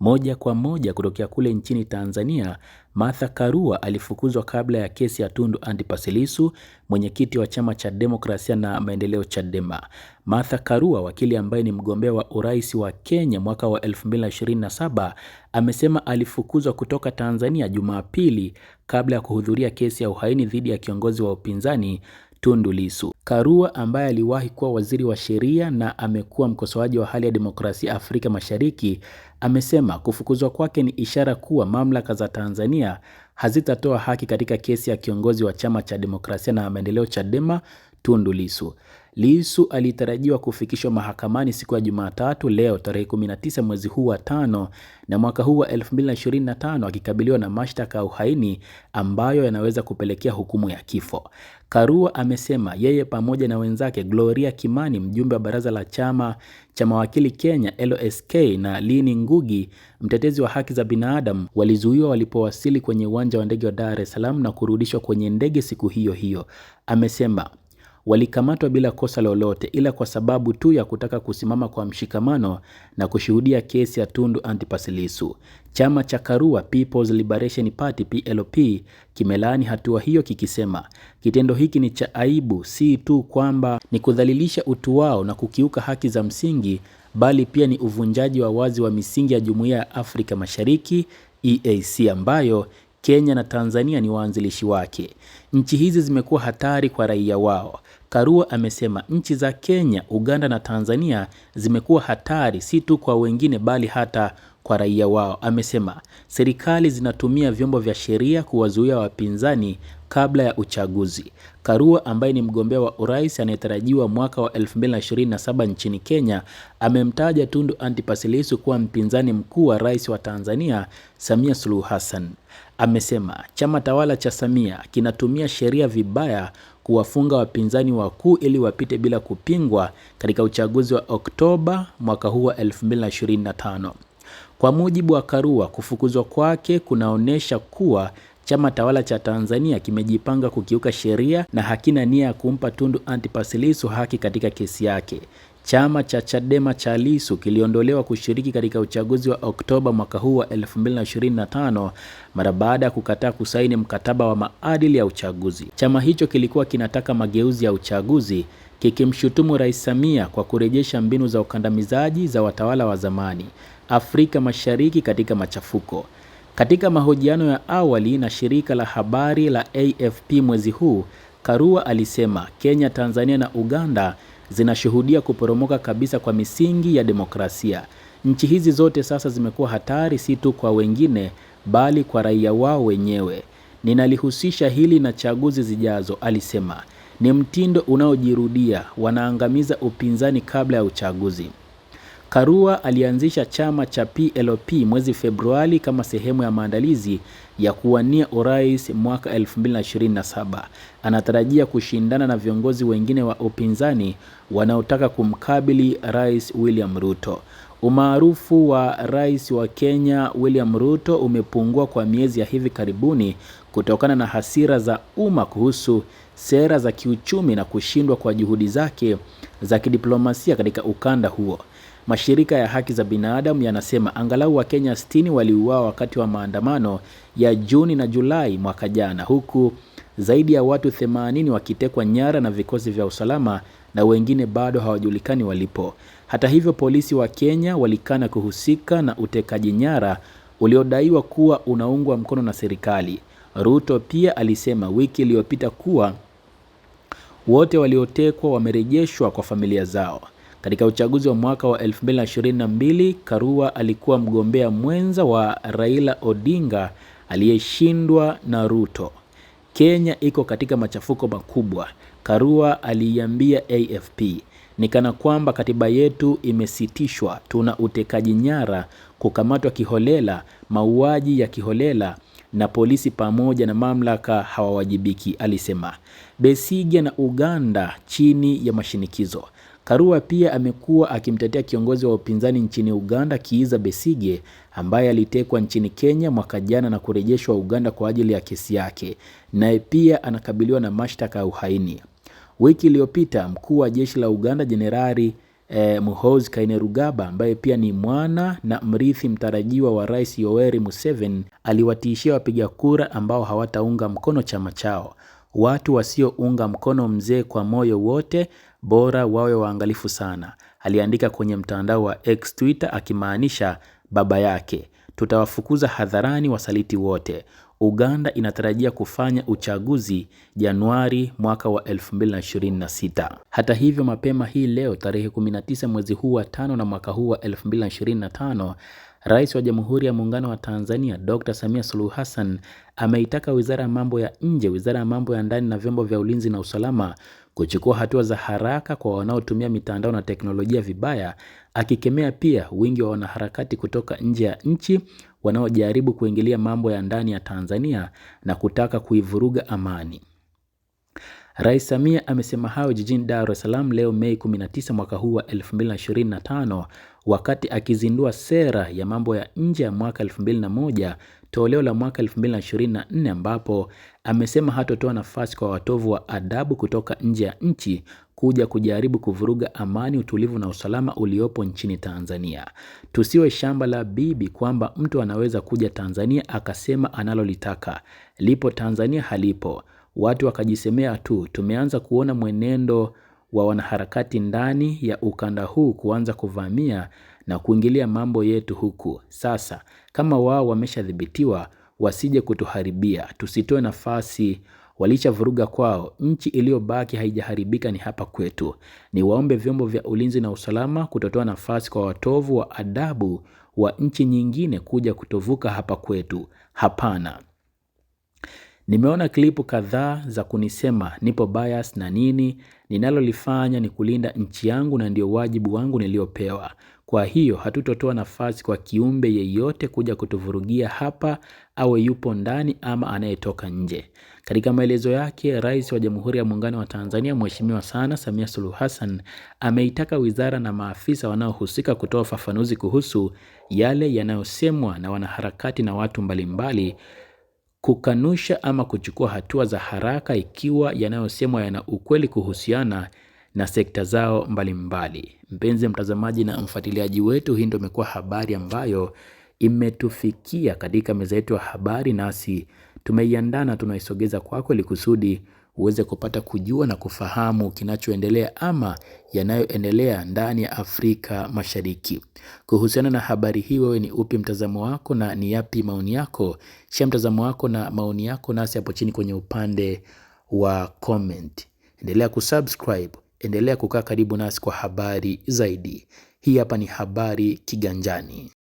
Moja kwa moja kutokea kule nchini Tanzania, Martha Karua alifukuzwa kabla ya kesi ya Tundu Antipas Lissu, mwenyekiti wa chama cha demokrasia na maendeleo Chadema. Martha Karua, wakili ambaye ni mgombea wa urais wa Kenya mwaka wa 2027, amesema alifukuzwa kutoka Tanzania Jumapili kabla ya kuhudhuria kesi ya uhaini dhidi ya kiongozi wa upinzani Tundu Lissu. Karua ambaye aliwahi kuwa waziri wa sheria na amekuwa mkosoaji wa hali ya demokrasia Afrika Mashariki amesema kufukuzwa kwake ni ishara kuwa mamlaka za Tanzania hazitatoa haki katika kesi ya kiongozi wa chama cha demokrasia na maendeleo Chadema Tundu Lissu. Lissu alitarajiwa kufikishwa mahakamani siku ya Jumatatu leo tarehe 19 mwezi huu wa tano na mwaka huu wa 2025 akikabiliwa na mashtaka ya uhaini ambayo yanaweza kupelekea hukumu ya kifo. Karua amesema yeye pamoja na wenzake Gloria Kimani, mjumbe wa baraza la chama cha mawakili Kenya LSK, na Lini Ngugi, mtetezi wa haki za binadamu, walizuiwa walipowasili kwenye uwanja wa ndege wa Dar es Salaam na kurudishwa kwenye ndege siku hiyo hiyo. Amesema walikamatwa bila kosa lolote ila kwa sababu tu ya kutaka kusimama kwa mshikamano na kushuhudia kesi ya Tundu Antipas Lissu. Chama cha Karua People's Liberation Party PLP kimelaani hatua hiyo kikisema, kitendo hiki ni cha aibu, si tu kwamba ni kudhalilisha utu wao na kukiuka haki za msingi, bali pia ni uvunjaji wa wazi wa misingi ya Jumuiya ya Afrika Mashariki EAC ambayo Kenya na Tanzania ni waanzilishi wake. Nchi hizi zimekuwa hatari kwa raia wao. Karua amesema nchi za Kenya, Uganda na Tanzania zimekuwa hatari si tu kwa wengine bali hata kwa raia wao. Amesema serikali zinatumia vyombo vya sheria kuwazuia wapinzani kabla ya uchaguzi. Karua ambaye ni mgombea wa urais anayetarajiwa mwaka wa 2027 nchini Kenya amemtaja Tundu Antipas Lissu kuwa mpinzani mkuu wa rais wa Tanzania Samia Suluhu Hassan. Amesema chama tawala cha Samia kinatumia sheria vibaya kuwafunga wapinzani wakuu ili wapite bila kupingwa katika uchaguzi wa Oktoba mwaka huu wa 2025. Kwa mujibu wa Karua, kufukuzwa kwake kunaonyesha kuwa chama tawala cha Tanzania kimejipanga kukiuka sheria na hakina nia ya kumpa Tundu Antipas Lissu haki katika kesi yake. Chama cha Chadema cha lisu kiliondolewa kushiriki katika uchaguzi wa Oktoba mwaka huu wa 2025 mara baada ya kukataa kusaini mkataba wa maadili ya uchaguzi. Chama hicho kilikuwa kinataka mageuzi ya uchaguzi kikimshutumu Rais Samia kwa kurejesha mbinu za ukandamizaji za watawala wa zamani Afrika Mashariki katika machafuko. Katika mahojiano ya awali na shirika la habari la AFP mwezi huu, Karua alisema Kenya, Tanzania na Uganda zinashuhudia kuporomoka kabisa kwa misingi ya demokrasia. Nchi hizi zote sasa zimekuwa hatari, si tu kwa wengine, bali kwa raia wao wenyewe. Ninalihusisha hili na chaguzi zijazo, alisema. Ni mtindo unaojirudia, wanaangamiza upinzani kabla ya uchaguzi. Karua alianzisha chama cha PLP mwezi Februari kama sehemu ya maandalizi ya kuwania urais mwaka 2027. Anatarajia kushindana na viongozi wengine wa upinzani wanaotaka kumkabili Rais William Ruto. Umaarufu wa Rais wa Kenya William Ruto umepungua kwa miezi ya hivi karibuni kutokana na hasira za umma kuhusu sera za kiuchumi na kushindwa kwa juhudi zake za kidiplomasia katika ukanda huo. Mashirika ya haki za binadamu yanasema angalau Wakenya 60 waliuawa wakati wa maandamano ya Juni na Julai mwaka jana, huku zaidi ya watu 80 wakitekwa nyara na vikosi vya usalama na wengine bado hawajulikani walipo. Hata hivyo, polisi wa Kenya walikana kuhusika na utekaji nyara uliodaiwa kuwa unaungwa mkono na serikali. Ruto pia alisema wiki iliyopita kuwa wote waliotekwa wamerejeshwa kwa familia zao. Katika uchaguzi wa mwaka wa 2022, Karua alikuwa mgombea mwenza wa Raila Odinga aliyeshindwa na Ruto. Kenya iko katika machafuko makubwa. Karua aliiambia AFP, ni kana kwamba katiba yetu imesitishwa. Tuna utekaji nyara, kukamatwa kiholela, mauaji ya kiholela na polisi pamoja na mamlaka hawawajibiki, alisema. Besigye na Uganda chini ya mashinikizo. Karua pia amekuwa akimtetea kiongozi wa upinzani nchini Uganda Kiiza Besige ambaye alitekwa nchini Kenya mwaka jana na kurejeshwa Uganda kwa ajili ya kesi yake. Naye pia anakabiliwa na mashtaka ya uhaini. Wiki iliyopita mkuu wa jeshi la Uganda Jenerali eh, Muhoozi Kainerugaba ambaye pia ni mwana na mrithi mtarajiwa wa Rais Yoweri Museveni aliwatishia wapiga kura ambao hawataunga mkono chama chao. Watu wasiounga mkono mzee kwa moyo wote, bora wawe waangalifu sana, aliandika kwenye mtandao wa X Twitter akimaanisha baba yake. Tutawafukuza hadharani wasaliti wote. Uganda inatarajia kufanya uchaguzi Januari mwaka wa 2026. Hata hivyo, mapema hii leo tarehe 19 mwezi huu wa tano na mwaka huu wa 2025 Rais wa Jamhuri ya Muungano wa Tanzania Dr. Samia Suluhu Hassan ameitaka Wizara ya Mambo ya Nje, Wizara ya Mambo ya Ndani na vyombo vya ulinzi na usalama kuchukua hatua za haraka kwa wanaotumia mitandao na teknolojia vibaya, akikemea pia wingi wa wanaharakati kutoka nje ya nchi wanaojaribu kuingilia mambo ya ndani ya Tanzania na kutaka kuivuruga amani. Rais Samia amesema hayo jijini Dar es Salaam leo Mei 19 mwaka huu wa 2025 wakati akizindua sera ya mambo ya nje ya mwaka 2001 toleo la mwaka 2024 ambapo amesema hatotoa nafasi kwa watovu wa adabu kutoka nje ya nchi kuja kujaribu kuvuruga amani, utulivu na usalama uliopo nchini Tanzania. Tusiwe shamba la bibi kwamba mtu anaweza kuja Tanzania akasema analolitaka. Lipo Tanzania halipo watu wakajisemea tu, tumeanza kuona mwenendo wa wanaharakati ndani ya ukanda huu kuanza kuvamia na kuingilia mambo yetu huku. Sasa kama wao wameshadhibitiwa, wasije kutuharibia, tusitoe nafasi walishavuruga kwao. Nchi iliyobaki haijaharibika ni hapa kwetu. Niwaombe vyombo vya ulinzi na usalama kutotoa nafasi kwa watovu wa adabu wa nchi nyingine kuja kutovuka hapa kwetu. Hapana. Nimeona klipu kadhaa za kunisema nipo bias na nini, ninalolifanya ni kulinda nchi yangu na ndio wajibu wangu niliopewa. Kwa hiyo hatutotoa nafasi kwa kiumbe yeyote kuja kutuvurugia hapa awe yupo ndani ama anayetoka nje. Katika maelezo yake, Rais wa Jamhuri ya Muungano wa Tanzania Mheshimiwa sana Samia Suluhu Hassan ameitaka wizara na maafisa wanaohusika kutoa ufafanuzi kuhusu yale yanayosemwa na wanaharakati na watu mbalimbali kukanusha ama kuchukua hatua za haraka ikiwa yanayosemwa yana ukweli kuhusiana na sekta zao mbalimbali mbali. Mpenzi mtazamaji na mfuatiliaji wetu, hii ndio imekuwa habari ambayo imetufikia katika meza yetu ya habari, nasi tumeiandaa na tunaisogeza kwako ili kusudi uweze kupata kujua na kufahamu kinachoendelea ama yanayoendelea ndani ya Afrika Mashariki. Kuhusiana na habari hii, wewe ni upi mtazamo wako na ni yapi maoni yako? Shia mtazamo wako na maoni yako nasi hapo chini kwenye upande wa comment. Endelea kusubscribe, endelea kukaa karibu nasi kwa habari zaidi. Hii hapa ni Habari Kiganjani.